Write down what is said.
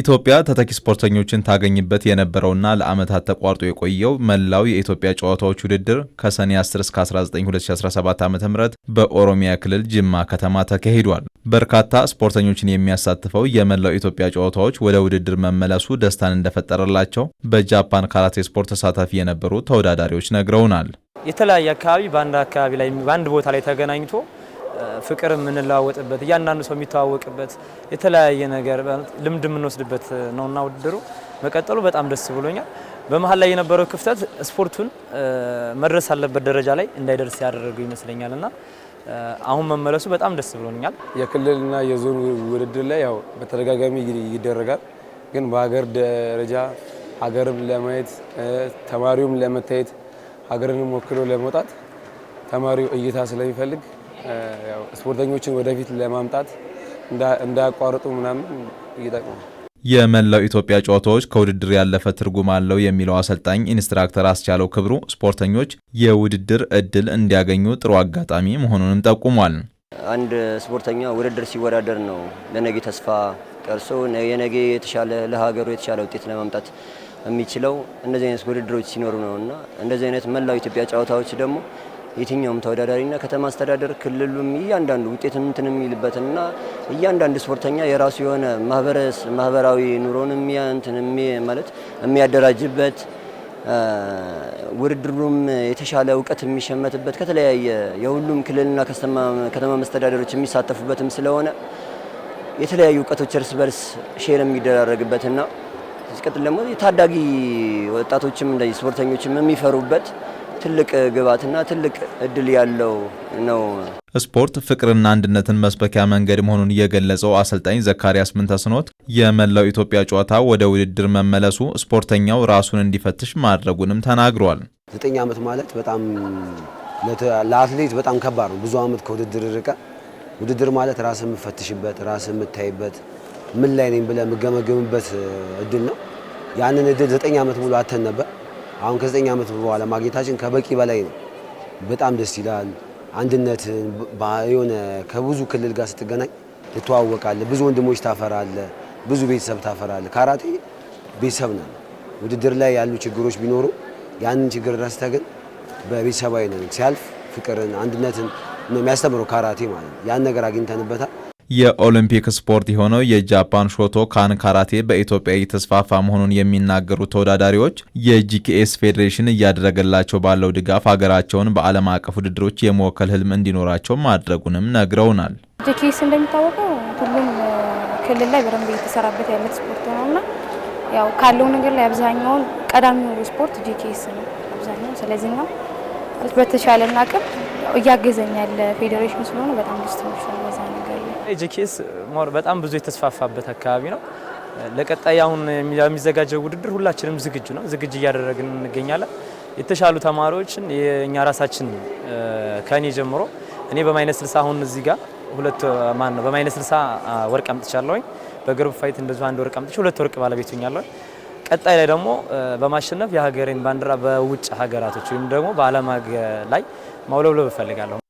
ኢትዮጵያ ተተኪ ስፖርተኞችን ታገኝበት የነበረውና ለዓመታት ተቋርጦ የቆየው መላው የኢትዮጵያ ጨዋታዎች ውድድር ከሰኔ 10 እስከ 19 2017 ዓ ም በኦሮሚያ ክልል ጅማ ከተማ ተካሂዷል። በርካታ ስፖርተኞችን የሚያሳትፈው የመላው ኢትዮጵያ ጨዋታዎች ወደ ውድድር መመለሱ ደስታን እንደፈጠረላቸው በጃፓን ካራቴ ስፖርት ተሳታፊ የነበሩ ተወዳዳሪዎች ነግረውናል። የተለያየ አካባቢ በአንድ አካባቢ ላይ በአንድ ቦታ ላይ ተገናኝቶ ፍቅር የምንለዋወጥበት እያንዳንዱ ሰው የሚተዋወቅበት የተለያየ ነገር ልምድ የምንወስድበት ነውና ውድድሩ መቀጠሉ በጣም ደስ ብሎኛል። በመሀል ላይ የነበረው ክፍተት ስፖርቱን መድረስ አለበት ደረጃ ላይ እንዳይደርስ ያደረገው ይመስለኛል እና አሁን መመለሱ በጣም ደስ ብሎኛል። የክልልና የዞን ውድድር ላይ ያው በተደጋጋሚ ይደረጋል፣ ግን በሀገር ደረጃ ሀገርም ለማየት ተማሪውም ለመታየት ሀገርንም ወክሎ ለመውጣት ተማሪው እይታ ስለሚፈልግ ስፖርተኞችን ወደፊት ለማምጣት እንዳያቋርጡ ምናምን ይጠቅማል። የመላው ኢትዮጵያ ጨዋታዎች ከውድድር ያለፈ ትርጉም አለው የሚለው አሰልጣኝ ኢንስትራክተር አስቻለው ክብሩ ስፖርተኞች የውድድር እድል እንዲያገኙ ጥሩ አጋጣሚ መሆኑንም ጠቁሟል። አንድ ስፖርተኛ ውድድር ሲወዳደር ነው ለነገ ተስፋ ቀርሶ የነገ የተሻለ ለሀገሩ የተሻለ ውጤት ለማምጣት የሚችለው እንደዚህ አይነት ውድድሮች ሲኖሩ ነው እና እንደዚህ አይነት መላው ኢትዮጵያ ጨዋታዎች ደግሞ የትኛውም ተወዳዳሪና ከተማ አስተዳደር ክልሉም እያንዳንዱ ውጤት እንትን የሚልበትና እያንዳንድ ስፖርተኛ የራሱ የሆነ ማህበራዊ ኑሮን ማለት የሚያደራጅበት ውድድሩም የተሻለ እውቀት የሚሸመትበት ከተለያየ የሁሉም ክልልና ከተማ መስተዳደሮች የሚሳተፉበትም ስለሆነ የተለያዩ እውቀቶች እርስ በርስ ሼር የሚደራረግበትና ሲቀጥል ደግሞ የታዳጊ ወጣቶችም እንደዚህ ስፖርተኞችም የሚፈሩበት ትልቅ ግብዓትና ትልቅ እድል ያለው ነው። ስፖርት ፍቅርና አንድነትን መስበኪያ መንገድ መሆኑን የገለጸው አሰልጣኝ ዘካሪያስ ምንተስኖት የመላው ኢትዮጵያ ጨዋታ ወደ ውድድር መመለሱ ስፖርተኛው ራሱን እንዲፈትሽ ማድረጉንም ተናግሯል። ዘጠኝ ዓመት ማለት በጣም ለአትሌት በጣም ከባድ ነው። ብዙ ዓመት ከውድድር ርቀ ውድድር ማለት ራስ የምፈትሽበት ራስ የምታይበት ምን ላይ ነኝ ብለ የምገመገምበት እድል ነው። ያንን እድል ዘጠኝ ዓመት ሙሉ አተን ነበር። አሁን ከዘጠኝ ዓመት በኋላ ማግኘታችን ከበቂ በላይ ነው። በጣም ደስ ይላል። አንድነትን የሆነ ከብዙ ክልል ጋር ስትገናኝ ትተዋወቃለህ። ብዙ ወንድሞች ታፈራለህ። ብዙ ቤተሰብ ታፈራለህ። ካራቴ ቤተሰብ ነን። ውድድር ላይ ያሉ ችግሮች ቢኖሩ ያንን ችግር ረስተህ ግን በቤተሰባዊ ነን ሲያልፍ ፍቅርን፣ አንድነትን ነው የሚያስተምረው ካራቴ ማለት ነው። ያን ነገር አግኝተንበታል። የኦሎምፒክ ስፖርት የሆነው የጃፓን ሾቶ ካን ካራቴ በኢትዮጵያ እየተስፋፋ መሆኑን የሚናገሩ ተወዳዳሪዎች የጂኬኤስ ፌዴሬሽን እያደረገላቸው ባለው ድጋፍ ሀገራቸውን በዓለም አቀፍ ውድድሮች የመወከል ህልም እንዲኖራቸው ማድረጉንም ነግረውናል። ጂኬኤስ እንደሚታወቀው ሁሉም ክልል ላይ በደንብ እየተሰራበት ያለ ስፖርት ነውና ያው ካለው ነገር ላይ አብዛኛውን ቀዳሚው ስፖርት ጂኬኤስ ነው አብዛኛው። ስለዚህ ነው በተሻለን አቅም እያገዘኛል ፌዴሬሽን ስለሆነ በጣም ደስተኞች ነው። ኤጂኬስ በጣም ብዙ የተስፋፋበት አካባቢ ነው። ለቀጣይ አሁን የሚዘጋጀው ውድድር ሁላችንም ዝግጁ ነው፣ ዝግጅ እያደረግን እንገኛለን። የተሻሉ ተማሪዎችን የእኛ ራሳችን ከእኔ ጀምሮ እኔ በማይነስ ስልሳ አሁን እዚህ ጋር ሁለት ማን ነው በማይነስ ስልሳ ወርቅ አምጥቻለሁኝ። በግሩፕ ፋይት እንደዚሁ አንድ ወርቅ አምጥቼ ሁለት ወርቅ ባለቤት ሆኛለሁኝ። ቀጣይ ላይ ደግሞ በማሸነፍ የሀገሬን ባንዲራ በውጭ ሀገራቶች ወይም ደግሞ በዓለም ላይ ማውለብለብ እፈልጋለሁ።